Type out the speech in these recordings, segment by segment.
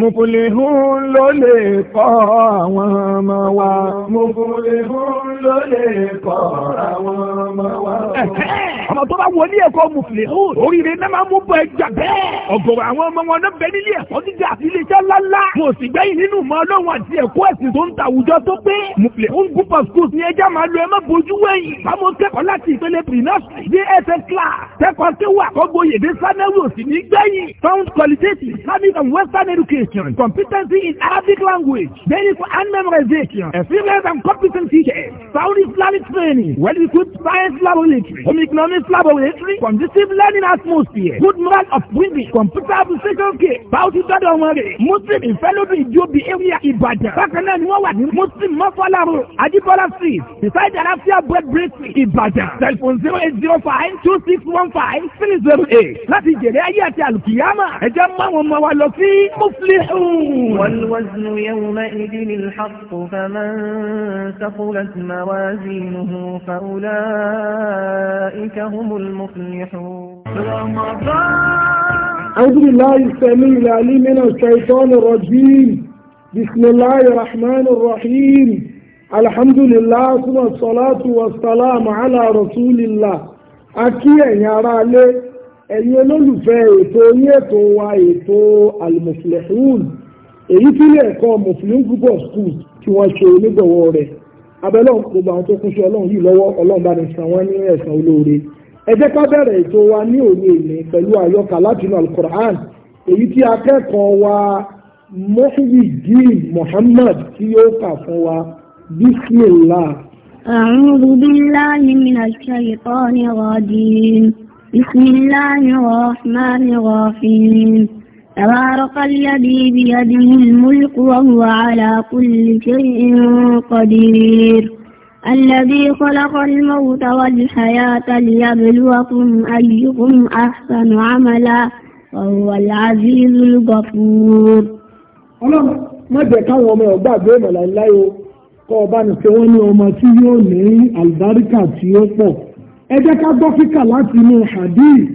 Mùfúlihún ló lè kọ́ àwọn ọmọ wa. Mùfúlihún ló lè kọ́ àwọn ọmọ wa ọmọ tó bá wọlé ẹ̀kọ́ mùsùlùmí oríire náà máa mú bọ ẹja bẹ́ẹ̀ ọ̀gọ̀rọ̀ àwọn ọmọ wọn náà bẹ nílé ẹ̀kọ́ gíga àti iléeṣẹ́ ńláńlá mo sì gbẹ́yìn nínú mọ ọlọ́run àti ẹ̀kọ́ ẹ̀sìn tó ń ta àwùjọ tó pé mùsùlùmí ń gúpọ̀ skul ní ẹja máa lo ẹ education competency in Arabic language basic and memorization experience and competency sound Islamic training well-equipped science laboratory home this lab history, conducive learning atmosphere, good moral of women, comfortable second care, báwùsì gbọ́dọ̀ wọn rè. Muslim ìfẹ́lódún ìjó bi area Ìbàdàn. Bákan ni wọ́n wà ní Muslim Mọ́fọ́lárò, Adébọ́lá street, beside Alafia bread bakery Ìbàdàn. Telephone zero eight zero five two six one five three zero eight. Láti jèrè ayé àti àlùkìyámà, ẹ jẹ́ mú àwọn ọmọ wa lọ sí Muflihun. والوزن يومئذ الحق فمن ثقلت موازينه فأولئك هم المفلحون رمضان أعوذ بالله السميع العليم من الشيطان الرجيم بسم الله الرحمن الرحيم الحمد لله ثم الصلاة والسلام على رسول الله akí ẹ̀yin aráalé ẹ̀yin olólùfẹ́ ètò yín ètò wa المفلحون almuflihun èyí tí ilé ẹ̀kọ́ muflihun púpọ̀ school abẹ́lọ́ gbogbo àwọn tó kúnṣe ọlọ́run yìí lọ́wọ́ ọlọ́run bá ní san wọ́n ní ẹ̀san olóore ẹ jẹ́ ká bẹ̀rẹ̀ ètò wa ní òru èmi pẹ̀lú àyọkà látinú alukur'an èyí tí akẹ́kọ̀ọ́ wa Muhyiddin Muhammad tí yóò kà fún wa bismillah. أعوذ بالله من الشيطان الرجيم بسم الله الرحمن الرحيم تبارك الذي بيده الملك وهو على كل شيء قدير الذي خلق الموت والحياة ليبلوكم أيكم أحسن عملا وهو العزيز الغفور ọlọ́run má jẹ́ káwọn ọmọ ọgbà gbé ìmọ̀lá láyé o kọ́ ọba nìṣẹ́ wọn ní ọmọ tí yóò ní àlùbáríkà tí ó pọ̀ ẹ jẹ́ ká gbọ́ fíkà láti inú hadith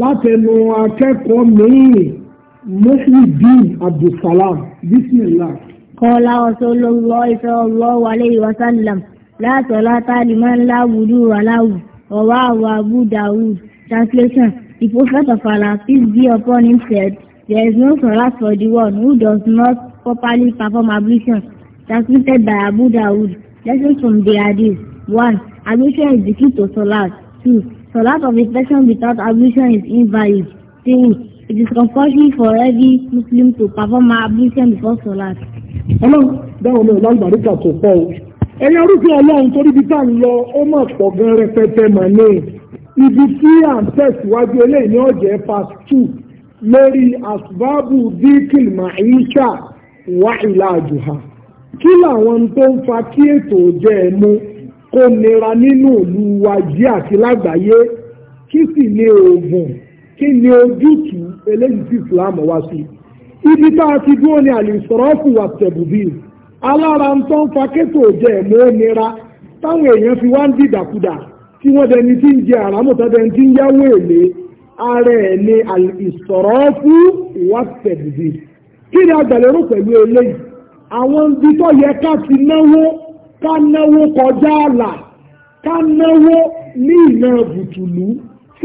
látẹnu akẹ́kọ̀ọ́ mìíràn Muhyiddin Abdulsalam Bismillah. Qala Rasulullahi sallallahu alayhi wa sallam la salata liman la wudu wa lahu rawahu Abu Dawud. Translation The Prophet of Allah, peace be upon him, said, There is no salat for the one who does not properly perform ablution. Transmitted by Abu Dawud. Lessons from the Hadith. One, Ablution is the key to salat. Two, Salat of a person without ablution is invalid. Three. It is compulsory for every Muslim to perform ablution before Salat. Ọlọ́run dáhùn mi ò lálùbáríkà tó pọ̀ o. Ẹ̀yin orúkọ Ọlọ́run torí ibi tá à ń lọ, ó mà pọ̀ gan rẹpẹtẹ mà ní. Ibi tí à ń tẹ̀síwájú eléyìí ní ọ̀jẹ̀ part two lórí Asbabu Dikil Maisha wà ìlà àjùhà. Kí làwọn tó ń fa kí ètò òjẹ́ ẹ̀ mú kó nira nínú ìlú wa yìí àti lágbàáyé? Kí sì ni oògùn? kí ni ojútùú eléyìí tí Islam wá sí ibi tá a ti dúró ní àlìsọ̀rọ̀fù wà tẹ̀bùbí alára ń tán fa kétò jẹ́ ẹ̀mọ́ nira táwọn èèyàn fi wá ń dìdàkudà tí wọ́n dẹni tí ń jẹ àràmọ̀tá dẹni tí ń yáwó èlé ara ẹ̀ ní àlìsọ̀rọ̀fù wà tẹ̀bùbí kí ni agbàlérò pẹ̀lú eléyìí àwọn ibi tó yẹ ká ti náwó ká náwó kọjá àlà ká náwó ní ìná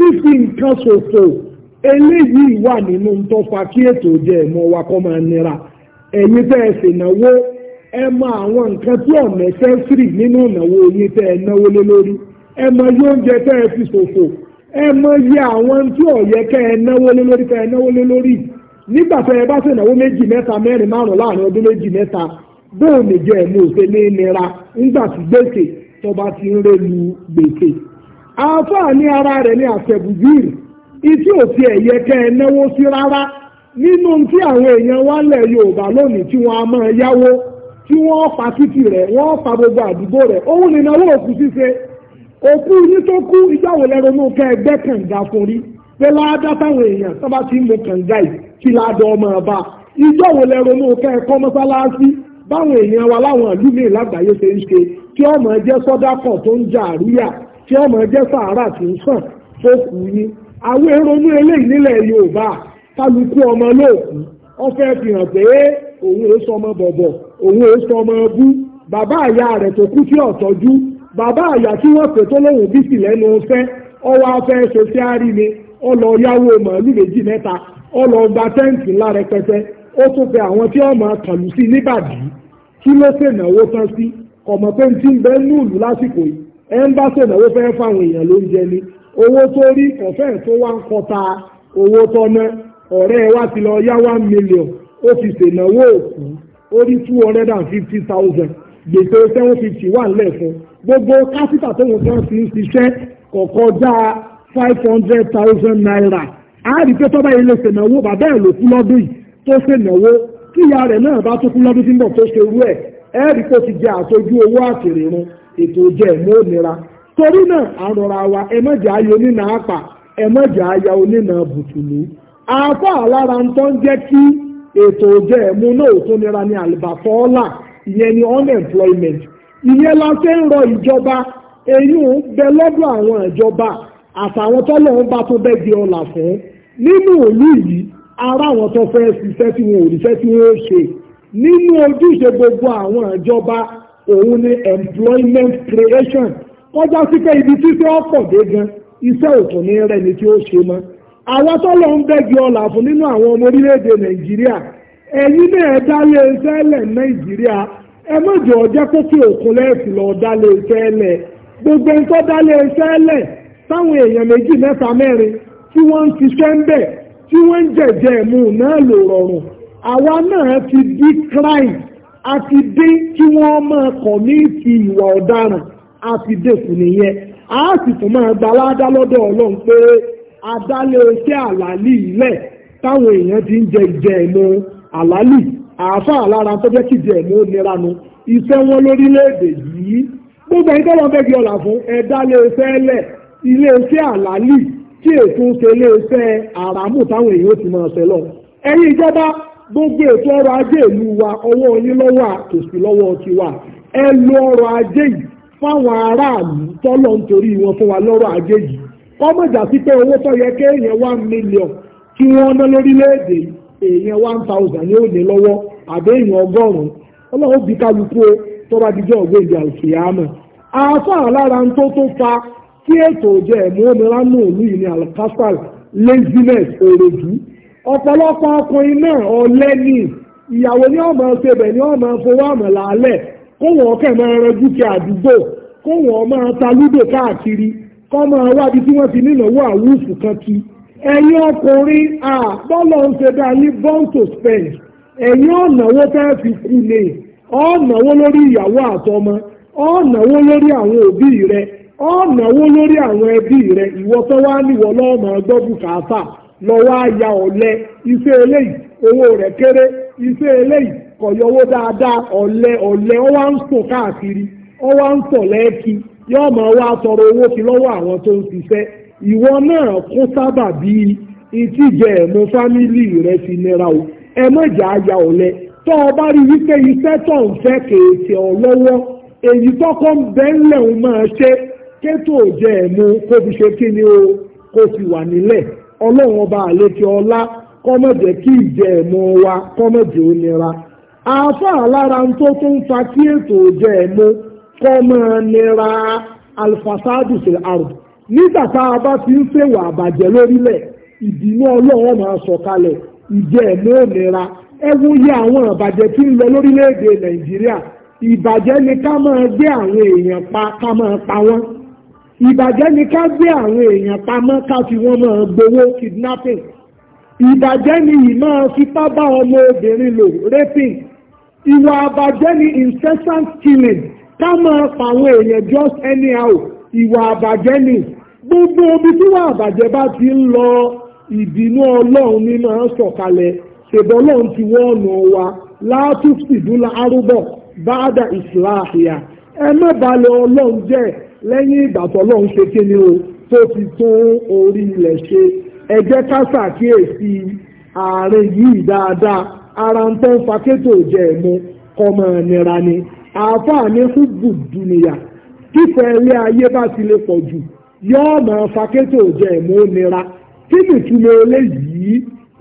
fífi nǹkan ṣòfò eléyìí wà nínú tó fa kí ètò ìjẹ ẹ̀mọ́ wa kọ́ máa nira ẹ̀yin tẹ́ ẹ sì náwó ẹ mọ àwọn nǹkan tí ọ̀nà sẹ́sìrì nínú ìnáwó yín tẹ́ ẹ náwó lé lórí ẹ mọ iye oúnjẹ tẹ́ ẹ fi ṣòfò ẹ mọ iye àwọn tí ọ̀yẹ́ kẹ́ ẹ náwó lé lórí tẹ́ ẹ náwó lé lórí nígbà tó ẹ bá sì náwó méjì mẹ́ta mẹ́rin márùn láàrin ọdún méjì mẹ́ta bóun nìjọ ẹ̀mú òṣèlú nira nígbà tí gbèsè tó ti ń rélu gbèsè àáfàá ní ara rẹ̀ ní àṣẹ̀bùbíìrì ìtí òfin ẹ̀yẹ kẹ́ ẹ náwó sí rárá nínú tí àwọn èèyàn wá lẹ̀ Yorùbá lónìí tí wọ́n á máa yáwó tí wọ́n pa títì rẹ̀ wọ́n pa gbogbo àdúgbò rẹ̀ òun ni náwó òkú ṣíṣe òkú yín tó kú ìjáwó lẹ́rọ̀mú kẹ́ ẹgbẹ́ kànga fún rí pé láádá táwọn èèyàn tó bá ti ń mu kànga yìí kí ládọ́ ọmọ ọba ìjáwó lẹ́rọ̀mú kẹ́ ẹkọ́ mọ́sálásí báwọn èèyàn wa láwọn ìlú lágbàáyé ṣe ń ṣe kí ọmọ jẹ́ sọ́dákọ̀ tó ń jà àríyá tí ọmọ ẹjẹ́ sàárà tí ń sàn tó kù ní àwọn èrònú eléyìí nílẹ̀ Yorùbá kálukú ọmọ lóòkù ọfẹ́ fi hàn pé òun èé sọ ọmọ bọ̀bọ̀ òun èé sọ ọmọ ẹbú bàbá àyà rẹ̀ tó kú tí ọ̀tọ́jú bàbá àyà tí wọ́n pè tó lóhùn bísì lẹ́nu ọfẹ́ ọwọ́ afẹ́ sosiari ni ọlọ yáwó màálù méjì mẹ́ta ọlọ gba tẹ́ǹtì ńlá rẹpẹtẹ ó tún pe àwọn tí ọmọ kàlù sí níbàdí kí ló ṣèǹnáwó tán sí ọmọ pé ń ti ń bẹ́ẹ̀ ní lásìkò yìí ẹ̀ńbáṣì ìnáwó fẹ́ fáwọn èèyàn ló ń jẹ ní owó tó rí ọ̀fẹ́ tó wá ń kọta owó tọ́ná ọ̀rẹ́ wa ti lọ yá one million ó fi ṣènáwó òkú ó rí two hundred and fifty thousand gbèsè seven fifty wà ńlẹ̀ fún gbogbo kápítà tó ń tán sí ṣiṣẹ́ kọ̀ọ̀kan dá five hundred thousand naira a rí pé tọ́ba yìí lè ṣènáwó bàbá ẹ̀ ló kú lọ́dún yìí tó ṣènáwó kíyà rẹ̀ náà bá tó kú lọ́dún tí ń bọ̀ tó ṣe ẹ̀ ẹ̀rí ti jẹ́ àtọ́jú owó àtìrìrún run ètò jẹ́ ẹ̀mú òmìnira torí náà àrọ̀rọ̀ àwa ẹ má jẹ́ ayé onínà aya bùtùlù àpá àlára ń jẹ́ kí ètò jẹ́ ẹ̀mú náà tó nira ní àlùbáfọ́ọ́là ìyẹn ni unemployment ìyẹn la ń rọ ìjọba bẹ lọ́dọ̀ àwọn ìjọba àtàwọn tọ́lọ̀ ń bá tó ọ̀là fún nínú ara àwọn tó fẹ́ ṣiṣẹ́ tí wọn ò ríṣẹ́ tí nínú ojúṣe gbogbo àwọn ìjọba òun ni employment creation kọjá sí pé ibi títí ọ̀pọ̀ dé gan iṣẹ́ òtún ní rẹ̀ ni tí ó ṣe mọ́ àwọn tọ́lọ̀ ń bẹ́gi ọlà fún nínú àwọn ọmọ orílẹ̀-èdè nàìjíríà ẹ̀yin náà dálé iṣẹ́ lẹ̀ nàìjíríà ẹ mọ̀jọ̀ ọjọ́ kókè òkun lẹ́ẹ̀sì lọ dálé iṣẹ́ lẹ̀ gbogbo ẹni tó dálé iṣẹ́ lẹ̀ táwọn èèyàn méjì mẹ́ta mẹ́rin tí wọ́n ń ṣiṣẹ́ ń bẹ̀ tí wọ́n ń jẹ̀jẹ̀ mú náà lò rọrùn àwa náà ti dí crime a ti dé kí wọ́n máa kọ̀ ní ti ìwà ọ̀daràn a ti dẹ̀kù nìyẹn a sì tún máa gba aládá lọ́dọ̀ ọlọ́run pé adálé iṣẹ́ àlàálì ilẹ̀ táwọn èèyàn ti ń jẹ ìjẹ ẹ̀mú àlàálì àáfàá lára tó jẹ́ kíjẹ ẹ̀mú nira nu iṣẹ́ wọn lórílẹ̀‐èdè yìí gbogbo ẹni tọ́lọ́ bẹ́ẹ̀ bí ọ̀là fún ẹ̀dálé iṣẹ́ lẹ̀ ilé iṣẹ́ àlàálì tí ètò ṣe ilé àràmù táwọn èèyàn ti máa ṣẹlọ ẹ̀yin ìjọba gbogbo ètò ọrọ̀ ajé ìlú wa ọwọ́ yín lọ́wọ́ àtòsí lọ́wọ́ tiwa ẹ lo ọrọ̀ ajé yìí fáwọn aráàlú tọ́lọ̀ ń wọn fún wa lọ́rọ̀ ajé yìí kọ́mọ̀jà owó tó yẹ kéèyàn one million kí wọ́n ná lórílẹ̀‐èdè èèyàn one thousand ní òde lọ́wọ́ àbẹ́ èèyàn ọgọ́rùn-ún fa kí ètò ìjẹ́ ẹ̀mú omi ránú laziness òròjú ọ̀pọ̀lọpọ̀ ọkùnrin náà ọ̀lẹ́ ni ìyàwó ní ọmọ ṣebẹ̀ ní ọmọ fowó àmọ̀ làálẹ̀ kóhùn ọkẹ́ máa ran dúkìá àdúgbò kóhùn ma ta lúdò káàkiri kọ́mọ wábi tí wọ́n ti àwùfù kan kí ẹ̀yin ọkùnrin à born to spend ẹ̀yin ọ̀nàwó fẹ́ fi kú ni ọ̀nàwó lórí ìyàwó àtọmọ ọ̀nàwó lórí àwọn òbí rẹ ọ̀nàwó lórí àwọn ẹbí rẹ ìwọ tó wá lọ́wọ́ àyà ọ̀lẹ iṣẹ́ eléyìí owó rẹ̀ kéré iṣẹ́ eléyìí kọ̀yọ̀ owó dáadáa ọ̀lẹ ọ̀lẹ ó wá ń sùn káàkiri ó wá ń sọ̀ lẹ́ẹ̀kì yóò máa wá tọrọ owó kí lọ́wọ́ àwọn tó ń ṣiṣẹ́ ìwọ náà kó sábà bí ìtìjẹ ẹ̀mú fámìlì rẹ ti nira o ẹ mọ̀jà àyà ọ̀lẹ tó o bá rí wípé iṣẹ́ tó ń fẹ́ kèéṣe ọ lọ́wọ́ èyí tọ́kọ́ ń bẹ́ńlẹ̀ ń máa ṣe kétò jẹ́ ẹ̀mú kó fi ṣe kí o kó fi wà nílẹ̀ ọlọ́run ọba àlejò ọlá kọ́mọ̀jẹ̀ kí ìjẹ́ ẹ̀mọ́ wa kọ́mọ̀jẹ̀ ó nira àáfàá lára tó tó ń fa kí ètò ìjẹ́ ẹ̀mọ́ kọ́mọ̀ nira alifasadu ṣe àrùn nígbà tá a bá ti ń ṣèwà àbàjẹ́ lórílẹ̀ ìdìmọ́ ọlọ́run máa sọ̀kalẹ̀ ìjẹ́ ẹ̀mọ́ ò nira ẹ wo yẹ àwọn àbàjẹ́ tí ń lọ lórílẹ̀-èdè nàìjíríà ìbàjẹ́ ni ká máa gbé àwọn èèyàn pa ká máa pa wọ́n ìbàjẹ́ ni ká gbé àwọn èèyàn pamọ́ ká fi wọ́n máa gbowó kidnapping ìbàjẹ́ ni ìmọ̀ fipá bá ọmọ obìnrin lò raping ìwà àbàjẹ́ ni incessant killing ká máa pa àwọn èèyàn just anyhow ìwà àbàjẹ́ ni gbogbo omi tí wà àbàjẹ́ bá ti ń lọ ìbínú ọlọ́run ní máa sọ̀kalẹ̀ ṣèbọ̀ ọlọ́run ti wọ́n ọ̀nà wa látúntìdúnlá arúbọ̀ báádà ìsìláàhìá ẹ má balẹ̀ ọlọ́run jẹ́ lẹ́yìn ìgbà tọ́lọ́run ṣe kí ni o tó ti tún orí ilẹ̀ ṣe ẹ jẹ́ ká ṣàkíyèsí ààrẹ yìí dáadáa ara ń tán fakétò jẹ ẹ̀mú kọmọ nira ni àáfàá ní fúgbù dùnìyà kíkọ ilé ayé bá ti lè pọ̀ jù yóò máa fakétò jẹ ẹ̀mú nira kí nìtumọ̀ eléyìí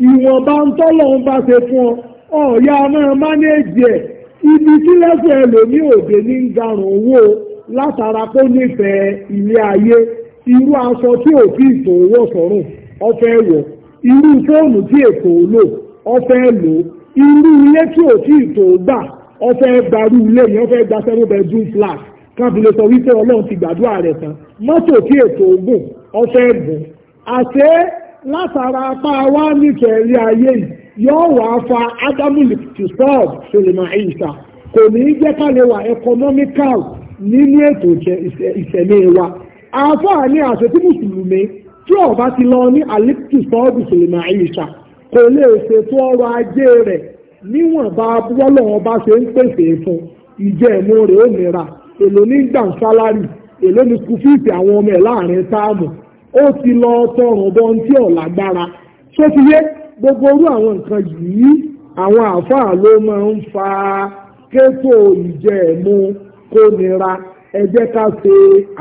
ìwọ̀nba ń tọ́lọ́run bá ṣe fún ọ ọ̀ọ́yá máa mánéèjì ẹ̀ ibi tí lẹ́sẹ̀ ẹlòmíì òde ní ń garùn owó látara pé nífẹ̀ẹ́ ilé ayé irú aṣọ tí ò fi ìtòwò sọ̀rùn ọ̀fẹ́ wọ̀ irú fóònù tí èkó lò ọ̀fẹ́ lò irú ilé tí ò fi ìtòwò gbà ọ̀fẹ́ gbarú ilé yẹn ọ̀fẹ́ gba seven bedroom flat kábílẹ̀ sọ wípé ọlọ́run ti gbàdúrà rẹ̀ tán mọ́tò tí ètò ogun ọ̀fẹ́ gùn àṣé látara apá wa nífẹ̀ẹ́ ilé ayé yìí yóò wá fa ádámù tìsọ́ọ̀bù sọlẹ̀mà ìṣà kò ní í jẹ́ ká lè wà economical nínú ètò ìṣẹ̀lẹ̀ wa àáfàá ní àṣẹ tí mùsùlùmí tí ọba ti lọ ní alikitu sọ́ọ̀bù sèlémà àyíṣà kò lè ṣètò ọrọ̀ ajé rẹ̀ níwọ̀nba bọ́lọ̀ ọba ṣe ń pèsè fún ìjẹ́ ẹ̀mú rẹ̀ ó nira èlò ní gbà ń sálárì èlò ní kùfíìsì àwọn ọmọ ẹ̀ láàrin táàmù ó ti lọ tọrùn bọ́n tí ọ̀làgbára tó ti yé gbogbo orú àwọn nǹkan yìí àwọn àáfàá ló máa ń fa kétò ìjẹ́ ẹ̀mú kó nira ẹ jẹ́ ká ṣe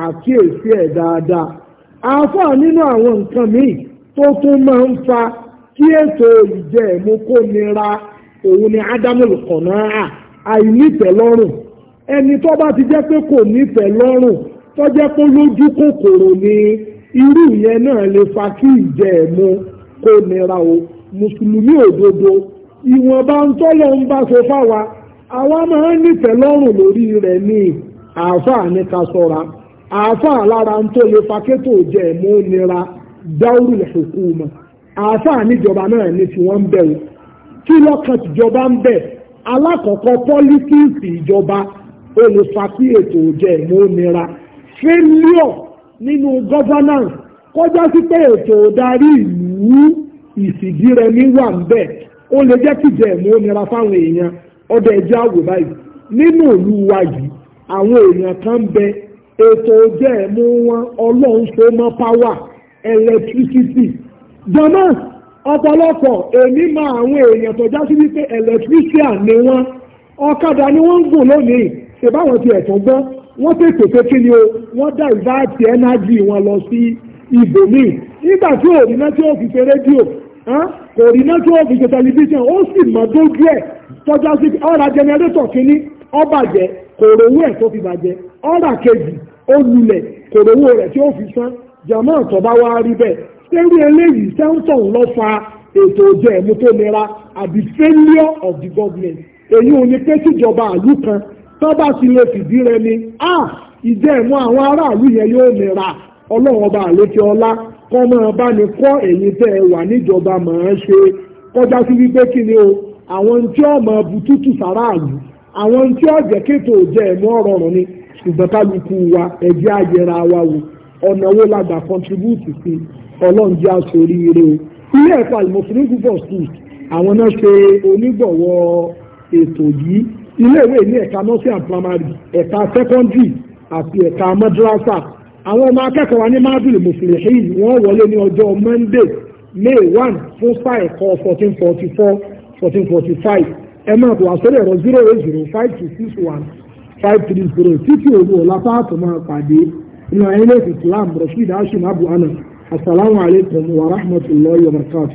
àkíyèsí ẹ̀ dáadáa. àáfàá nínú àwọn nǹkan míì tó tún máa ń fa kí ètò ìjẹ ẹ̀mú kó nira òun ni ádámùl kọ̀náà àìnítẹ̀lọ́rùn ẹni tó bá ti jẹ́ pé kò nítẹ̀lọ́rùn tó jẹ́ pé lójú kòkòrò ni irú ìyẹn náà lè fa kí ìjẹ ẹ̀mú kó nira o mùsùlùmí òdodo ìwọ̀nba ń tọ́lọ̀ ń bá ṣe fáwa àwa máa ń nítẹ̀ lọ́rùn lórí rẹ̀ ní àáfàá ní ká sọ́ra àáfàá lára ń tó lè fakétò jẹ́ mú nira dáúrù lẹ́sọ̀kú mọ́ àáfàá níjọba náà ní tí wọ́n ń bẹ̀ wò kí lọ́kàn tìjọba ń bẹ̀ alákọ̀ọ́kọ́ pọ́lítíìsì ìjọba olùfàkí ètò jẹ́ mú nira failure nínú governance kọjá sí pé ètò ìdarí ìlú ìsìdírẹmi wà ń bẹ̀ ó lè jẹ́ kìjẹ́ mú nira fáwọn èèyàn ọdẹ ẹjẹ́ àwò báyìí nínú ìlú wa yìí àwọn èèyàn kan bẹ ètò ọjọ́ ẹ̀ mú wọn ọlọ́run so mọ́ power electricity jọ̀nà ọ̀pọ̀lọpọ̀ èmi mọ àwọn èèyàn tó já sí wípé electrician ni wọ́n ọ̀kadà ni wọ́n ń gùn lónìí ṣèbáwọn ti ẹ̀tàn gbọ́ wọ́n tètè pé kí ni o wọ́n dá ìváàtì ẹ́nájì wọn lọ sí ibòmíì nígbà tí òmìnira tí ó fi ṣe rédíò kò rí nẹ́tíwọ́ọ̀kì ṣe tẹlifíṣàn ó sì mọ̀ dójú ẹ̀ tọ́já sí ọ̀rà jẹnẹrétọ̀ kínní ó bàjẹ́ kò rówó ẹ̀ tó fi bàjẹ́ ọ̀rà kejì ó lulẹ̀ kò rówó rẹ̀ tí ó fi san jàmọ́ àtọ̀bá wa rí bẹ́ẹ̀ sẹ́rí eléyìí sẹ́ńtọ̀n lọ fa ètò ọjọ́ ẹ̀mú tó nira àbí failure of the government èyí ò ní pé tíjọba àlú kan tó bá ti lè fìdí rẹ ni ah, ìjẹ́ ẹ̀mú àwọn aráàlú yẹn yóò nira ọlọ́run ọba àlékè ọlá kọ́ máa bá ní kọ́ èyí tẹ́ ẹ wà níjọba máa ṣe kọjá sí wípé kí ni o àwọn tí ó bu tútù sàráàlú àwọn tí ó jẹ́ kéètò jẹ́ ẹ̀mọ́ ọ̀rọ̀ ni ṣùgbọ́n kálukú wa ẹ̀jẹ̀ àyẹ̀rà wa wò ọ̀nà wo la gbà contribute sí ọlọ́njẹ́ àsorí ire o ilé ẹ̀kọ́ àlùmọ̀fínì gbúgbọ̀ schools àwọn náà ṣe onígbọ̀wọ́ ètò yìí ilé ìwé ní ẹ̀ka nursing and primary ẹ̀ka secondary àti ẹ̀ka madrasa àwọn ọmọ akẹ́kọ̀ọ́ wa ní mábìlì mùsùlùmí wọ́n wọlé ní ọjọ́ monday may one fún sáà ẹ̀kọ́ fourteen forty four fourteen forty five ẹ máa bọ̀ àsọ̀rí ẹ̀rọ zero zero five two six one five three zero títí òru ọ̀la fáàtò máa pàdé ní ayélujára islam rasheed hashim abu anas asalaamualeykum wa rahmatulahi wa barakatu.